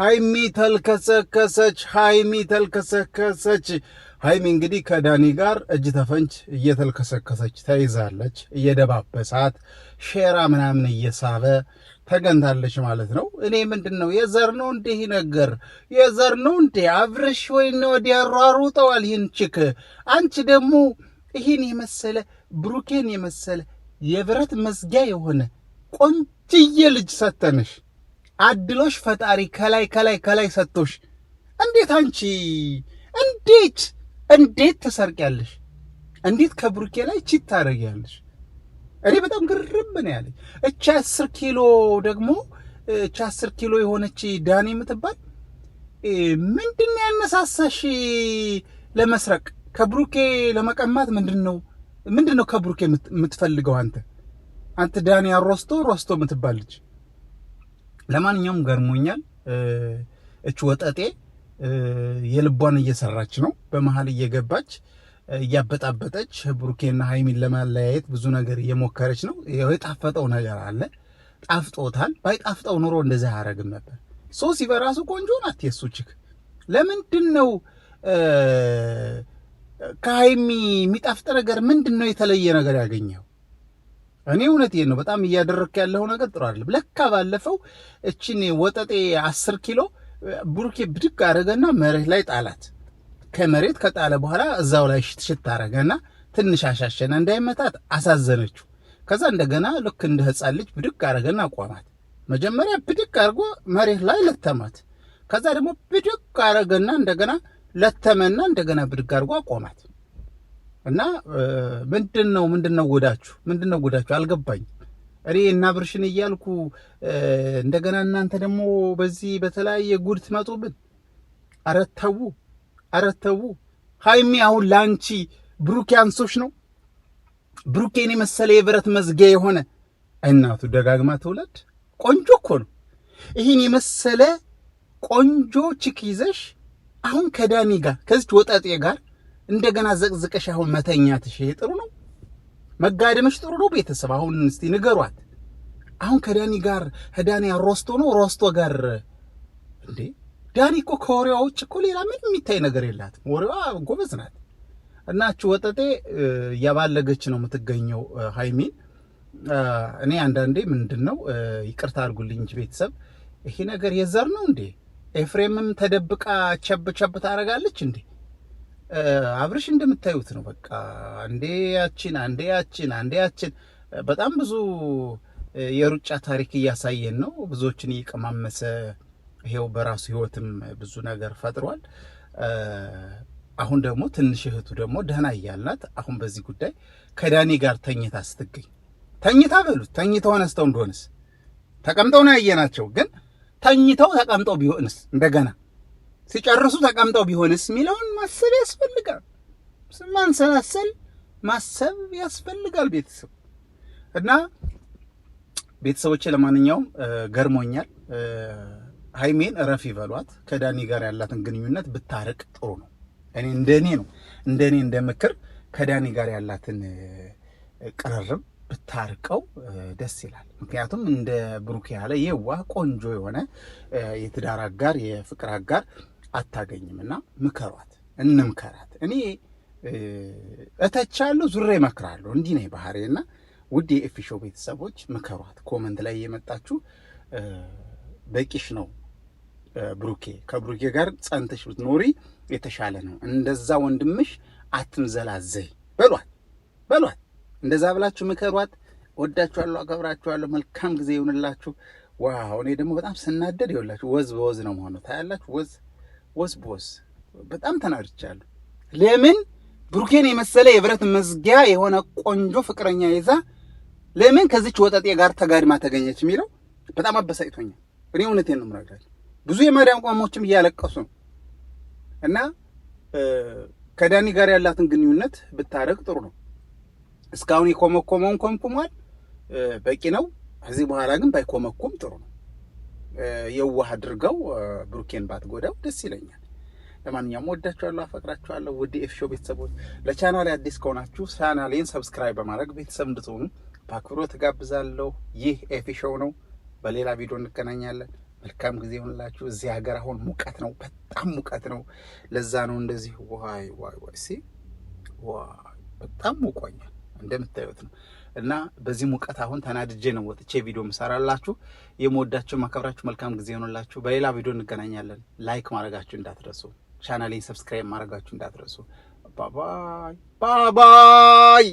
ሀይሚ ተልከሰከሰች። ሀይሚ ተልከሰከሰች። ሀይሚ እንግዲህ ከዳኒ ጋር እጅ ተፈንች እየተልከሰከሰች ተይዛለች። እየደባበሳት ሼራ ምናምን እየሳበ ተገንታለች ማለት ነው። እኔ ምንድን ነው የዘር ነው እንዲህ ነገር የዘር ነው እንዴ? አብረሽ ወይን ወዲያ ሯሩጠዋል። ይህን ችክ አንቺ ደግሞ ይህን የመሰለ ብሩኬን የመሰለ የብረት መዝጊያ የሆነ ቆንጅዬ ልጅ ሰተንሽ አድሎሽ ፈጣሪ ከላይ ከላይ ከላይ ሰጥቶሽ እንዴት አንቺ እንዴት እንዴት ትሰርቂያለሽ? እንዴት ከብሩኬ ላይ ቺት ታደርጊያለሽ? እኔ በጣም ግርም ነው ያለኝ። እቺ አስር ኪሎ ደግሞ እቺ አስር ኪሎ የሆነች ዳኒ የምትባል ምንድን ነው ያነሳሳሽ ለመስረቅ ከብሩኬ ለመቀማት? ምንድን ነው ምንድን ነው ከብሩኬ የምትፈልገው አንተ አንተ ዳኒ አሮስቶ ሮስቶ የምትባል ልጅ ለማንኛውም ገርሞኛል። እች ወጠጤ የልቧን እየሰራች ነው። በመሀል እየገባች እያበጣበጠች ብሩኬና ሀይሚን ለማለያየት ብዙ ነገር እየሞከረች ነው። የጣፈጠው ነገር አለ፣ ጣፍጦታል። ባይጣፍጠው ኑሮ እንደዚህ አያደርግም ነበር። ሶሲ በራሱ ቆንጆ ናት። የሱ ችክ ለምንድን ነው ከሀይሚ የሚጣፍጥ ነገር ምንድን ነው የተለየ ነገር ያገኘው? እኔ እውነቴን ነው። በጣም እያደረክ ያለው ነገር ጥሩ አይደለም። ለካ ባለፈው እችን ወጠጤ አስር ኪሎ ቡርኬ ብድግ አረገና መሬት ላይ ጣላት። ከመሬት ከጣለ በኋላ እዛው ላይ ሽት አረገና ትንሽ አሻሸና እንዳይመታት አሳዘነችው። ከዛ እንደገና ልክ እንደ ሕፃን ልጅ ብድግ አረገና አቋማት። መጀመሪያ ብድግ አድርጎ መሬት ላይ ለተማት። ከዛ ደግሞ ብድግ አረገና እንደገና ለተመና እንደገና ብድግ አድርጎ አቋማት። እና ምንድን ነው ምንድን ነው ጎዳችሁ? ምንድን ነው ጎዳችሁ? አልገባኝ እኔ እና ብርሽን እያልኩ እንደገና እናንተ ደግሞ በዚህ በተለያየ ጉድ ትመጡብን። አረተቡ አረተቡ ሀይሚ፣ አሁን ለአንቺ ብሩኬ አንሶች ነው ብሩኬን የመሰለ የብረት መዝጊያ የሆነ እናቱ ደጋግማ ትውለድ። ቆንጆ እኮ ነው። ይህን የመሰለ ቆንጆ ችክ ይዘሽ አሁን ከዳኒ ጋር ከዚች ወጣጤ ጋር እንደገና ዘቅዝቀሽ አሁን መተኛ ይሄ ጥሩ ነው? መጋደምሽ ጥሩ ነው? ቤተሰብ አሁን እስቲ ንገሯት። አሁን ከዳኒ ጋር ከዳኒ ሮስቶ ነው ሮስቶ ጋር እንዴ ዳኒ እኮ ከወሬዋ ውጭ እኮ ሌላ ምን የሚታይ ነገር የላት ወሬዋ ጎበዝ ናት። እናችሁ ወጠጤ እያባለገች ነው የምትገኘው ሀይሚን። እኔ አንዳንዴ ምንድን ነው ይቅርታ አድርጉልኝ እንጂ ቤተሰብ ይሄ ነገር የዘር ነው እንዴ? ኤፍሬምም ተደብቃ ቸብ ቸብ ታደርጋለች እንዴ? አብርሽ እንደምታዩት ነው። በቃ አንዴ ያችን አንዴ ያችን አንዴ ያችን በጣም ብዙ የሩጫ ታሪክ እያሳየን ነው። ብዙዎችን እየቀማመሰ ይሄው በራሱ ህይወትም ብዙ ነገር ፈጥሯል። አሁን ደግሞ ትንሽ እህቱ ደግሞ ደህና እያልናት አሁን በዚህ ጉዳይ ከዳኒ ጋር ተኝታ ስትገኝ ተኝታ በሉት ተኝተው አነስተው እንደሆነስ ተቀምጠው ነው ያየናቸው። ግን ተኝተው ተቀምጠው ቢሆንስ እንደገና ሲጨርሱ ተቀምጠው ቢሆንስ የሚለውን ማሰብ ያስፈልጋል። ማንሰላሰል ማሰብ ያስፈልጋል ቤተሰብ እና ቤተሰቦች ለማንኛውም ገርሞኛል። ሀይሜን እረፍ ይበሏት። ከዳኒ ጋር ያላትን ግንኙነት ብታርቅ ጥሩ ነው። እኔ እንደኔ ነው እንደኔ እንደ ምክር ከዳኒ ጋር ያላትን ቅርርብ ብታርቀው ደስ ይላል። ምክንያቱም እንደ ብሩክ ያለ የዋህ ቆንጆ የሆነ የትዳር አጋር የፍቅር አጋር አታገኝም። እና ምከሯት፣ እንምከራት። እኔ እተቻለሁ፣ ዙሬ እመክራለሁ። እንዲህ ነው ባህሬ። እና ውድ የኤፊሾ ቤተሰቦች ምከሯት። ኮመንት ላይ የመጣችሁ በቂሽ ነው ብሩኬ፣ ከብሩኬ ጋር ጸንተሽ ብትኖሪ የተሻለ ነው። እንደዛ ወንድምሽ አትንዘላዘይ በሏት፣ በሏት። እንደዛ ብላችሁ ምከሯት። ወዳችኋለሁ፣ አከብራችኋለሁ። መልካም ጊዜ ይሁንላችሁ። ዋው! እኔ ደግሞ በጣም ስናደድ ይኸውላችሁ ወዝ በወዝ ነው መሆኑ ታያላችሁ። ወዝ ወስ ቦስ በጣም ተናድቻለሁ። ለምን ብሩኬን የመሰለ የብረት መዝጊያ የሆነ ቆንጆ ፍቅረኛ ይዛ ለምን ከዚች ወጠጤ ጋር ተጋድማ ተገኘች የሚለው በጣም አበሳጭቶኛል። እኔ እውነቴን ነው የምነግራቸው። ብዙ የማርያም ቋሞችም እያለቀሱ ነው እና ከዳኒ ጋር ያላትን ግንኙነት ብታረግ ጥሩ ነው። እስካሁን የኮመኮመውን ኮምኩሟል፣ በቂ ነው። ከዚህ በኋላ ግን ባይኮመኩም ጥሩ ነው። የዋህ አድርገው ብሩኬን ባትጎዳው ደስ ይለኛል። ለማንኛውም ወዳችኋለሁ፣ አፈቅራችኋለሁ ውድ ኤፍሾ ቤተሰቦች። ለቻናል አዲስ ከሆናችሁ ቻናሌን ሰብስክራይብ በማድረግ ቤተሰብ እንድትሆኑ በአክብሮት ጋብዛለሁ። ይህ ሾው ነው። በሌላ ቪዲዮ እንገናኛለን። መልካም ጊዜ ይሁንላችሁ። እዚህ ሀገር አሁን ሙቀት ነው፣ በጣም ሙቀት ነው። ለዛ ነው እንደዚህ ዋይ ዋይ ዋይ ሲ ዋይ በጣም ሙቆኛል፣ እንደምታዩት ነው። እና በዚህ ሙቀት አሁን ተናድጄ ነው ወጥቼ ቪዲዮ ምሰራላችሁ። የምወዳችሁ ማከብራችሁ፣ መልካም ጊዜ ይሆንላችሁ። በሌላ ቪዲዮ እንገናኛለን። ላይክ ማድረጋችሁ እንዳትረሱ፣ ቻናሌን ሰብስክራይብ ማድረጋችሁ እንዳትረሱ። ባባይ ባባይ